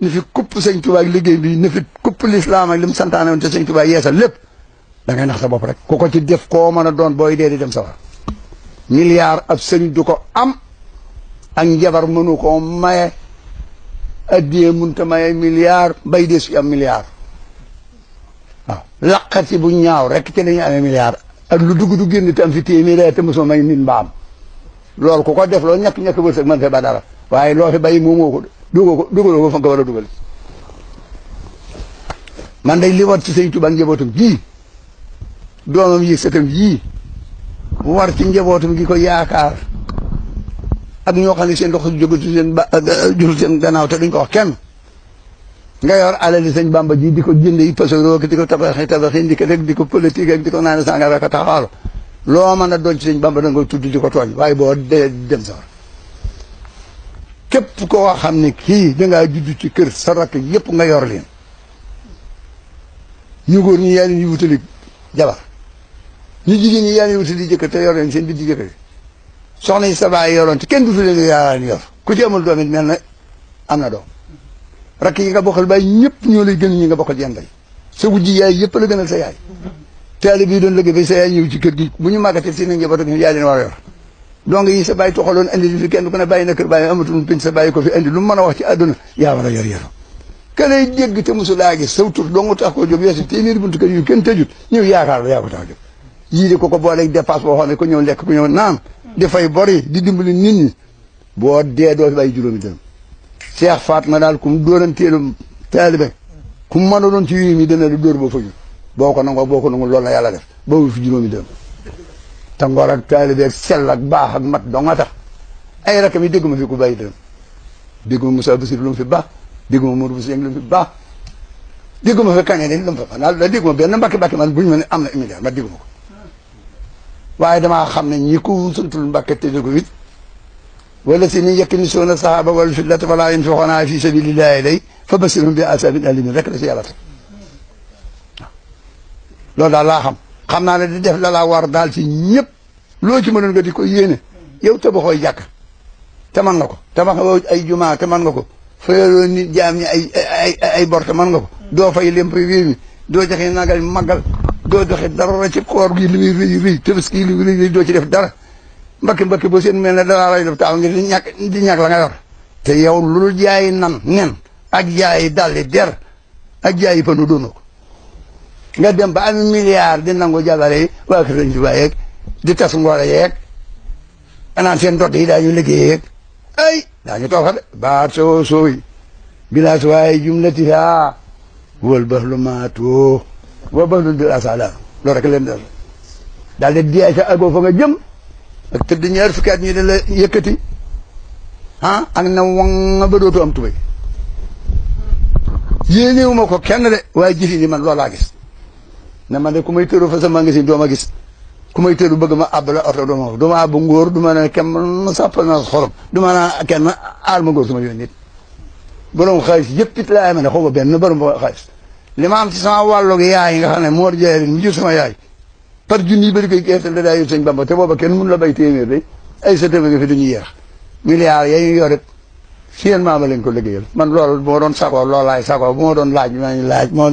na fi kupp sëñ Tuubaa liggéey bi na fi kupp lislaam ak li mu santaane woon te sëñ Tuubaa lépp da ngay nax sa bopp rek ku ko ci def koo mën doon booy dee di dem sa milliard ab sëñ du ko am ak njabar mënu koo a addiyee munta maye milliard bay des fi am milliard waaw bu ñaaw rek ci la ñuy amee milliard ak lu dugg du génn te am fi téeméer te mosoo may nit mbaam loolu ku ko def loolu ñàkk ñàkk wërsëg mën fee ba dara waaye loo fi bàyyi moomoo ko duggoo ko dugaloo ko fa nga war a dugal man day li war ci sëñ Tuubaa njabootam gii doomam yi jii yii war ci njabootam gi ko yaakaar ak ñoo xam ne seen dox jógatu seen ba jotul seen gannaaw te du ko wax kenn nga yor alali sëñ Bamba ji di ko jënd yi pasaroo ki di ko tabaxi tabaxi ndi ko rek di ko politique ak di ko naan sàngara ak taxawaalu loo mën a doon ci sëñ Bamba da nga di ko tooñ waaye boo dee dem sawar képp xam ne kii dangaa judd ci kër sa rakk nga yor leen ñu góor ñi yaa leen di wutali jabar ñu jigéen ñi yaa leen di wutali jëkkër te yor leen seen biti jëkkër soxna yi sa baay yoroon te kenn dutu leen yor ku ci amul doom mel na am na doom rakk yi nga bokkal baay ñëpp ñoo lay gën ñi nga bokkal yenday sa wujji yaay yëpp la gënal sa yaay taali bii doon lëgg ba sa yaay ñëw ci kër gi bu ñu màggatee seen njaboot ak yaay war yor donc yi sa bàyyi toxaloon indi di fi kenn ku ne bàyyi na kër bàyyi amatul piñ sa bàyyi ko fi indi lu mu a wax ci àdduna yaa war a yor yaram ka lay dégg te mosu laa gis saw tur tax ko jóg yeesu téeméeri buntu kër yu kenn tëjut ñëw yaakaar la yaa ko tax yii di ko ko booleeg dépasse boo xam ne ku ñëw lekk ku ñëw naan di fay bori di dimbali nit ñi boo dee doo fi bàyyi juróomi dërëm faat Fatma daal ku mu dóoranteelu taalibe ku mu mën a doon ci yii mi dana la dóor boo fa ko nangoo boo ko nangoo loolu la yàlla boo fi juróomi dërëm te ngor ak taalibe ak sell ak baax ak mat dong a tax ay rakam yi dégguma fi ku bàyyi dërëm dégguma Moussa Bassir lu fi baax dégguma Mourou Bousso Dieng lu fi baax dégguma fi kañe dañ lu mu fa xanaa la dégguma benn mbàkki mbàkki man bu ñu ma ne am na milliard ma dégguma ko waaye damaa xam ne ñi ko suntul mbàkke te déggu it wala si ni yekk ni soona sahaaba wal fillata wala in fi xonaa fi sabilillahi day fa basirhum bi asabin alimin rek la si yàlla teg daal laa xam xam naa ne di def lala war daal ci ñëpp loo ci mënoon nga di ko yéene yow tabaxooy jàkka te man nga ko tabaxoo ay man nga ko fayaloo nit ay ay ay bor te nga ko doo fay lemp mi doo joxe nagal màggal doo doxe dara ci koor gi li muy rëy rëy doo ci def dara mbakki mbakki boo seen mel ne dalaa lay def taaw ngir di ñàkk di ñàkk la nga yor te yow lu jaay nan nen ak jaay dalli der ak jaay panu doonoo ko nga dem ba am milliard di nangu jabar yi waa kër Sëñ Tuubaa yeeg di tas ngoro yeeg anaan seen yi daañu liggéey ay daañu toog de baat soo sooy bilaas waaye jumlatiha wal bahlu maatoo wa bahlun bil asala loolu rek leen dal daal di diyaay sa agoo fa nga jëm ak tëdd ñaar fukki at ñi da la yëkkati ah na waŋ ba dootu am tubay yéenewu ma ko kenn de waaye jëfi ni man loolaa gis na man de ku may tëru fa sa ma gis ku bëgg ma àbb la oto doo ma doo ngóor du ma ne kenn ma sàppal na xorom du ma naa kenn aar ma ngóor su ma nit borom xaalis yëpp it laa yemale xaw ma benn borom xaalis li ma am ci sama wàllug yaay nga xam ne moor jaay mu jur sama yaay par junni yi bëri koy keesal da daa yor sëñ Bamba te booba kenn mun la bay téeméer de ay sa nga fi duñu yeex milliards yaa ngi yor it seen maama lañ ko liggéeyal man loolu moo doon sakoo loolaay sakoo bu ma doon laaj maa ngi laaj moo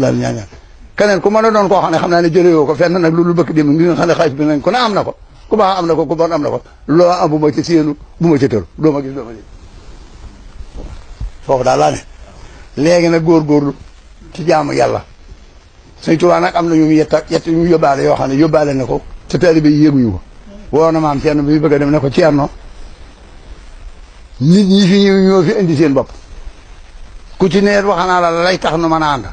keneen ku mën a doon koo xam ne xam naa ne jëlee woo ko fenn nag loolu bëkk dem ngi nga xam ne bi nañ ko na am na ko ku baax am na ko ku bon am na ko loo am bu ma ci séenu bu ma ci tëru doo ma gis doo ma gis foofu daal laa ne léegi nag góorgóorlu ci jaamu yàlla Sëñ Tuubaa nag am na yu mu yetta yett yu mu yóbbaale yoo ne yóbbaale na ko te taalibe yi yéeguñu ko woo na maam Ceerno bi bëgg a dem ne ko Ceerno nit ñi fi ñëw ñoo fi indi seen bopp ku ci neer waxanaa la lay tax nu mën a ànd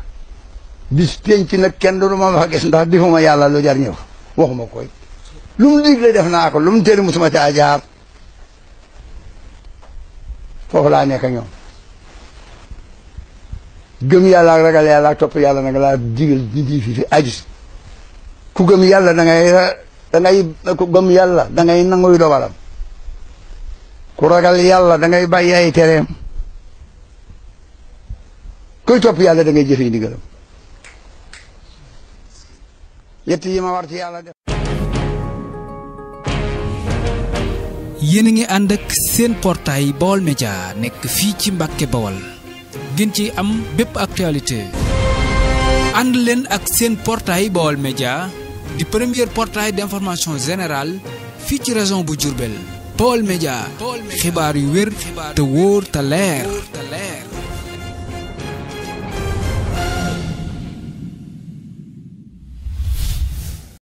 bis penc nag kenn du ma fa gis ndax defuma yàlla lu jar ñëw waxuma koy lu mu digle def naa ko lu mu tere musuma caa jaar foofu laa nekk ñoom gëm yàlla ak ragal yàlla ak topp yàlla nag laa digal di fi fi aji ku gëm yàlla dangay ngay ku gëm yàlla da ngay nanguy dogalam ku ragal yàlla dangay ngay tereem kuy topp yàlla da ngay jëfe ndigalam ñett yi ma war ci yàlla def. a ngi ànd ak seen portail Baol Média nekk fii ci Mbàkke Bawal gën ci am bépp actualité ànd leen ak seen portaay Baol Média di premier portail d'information générale fii ci région bu Diourbel Baol Média xibaar yu wér te wóor te leer.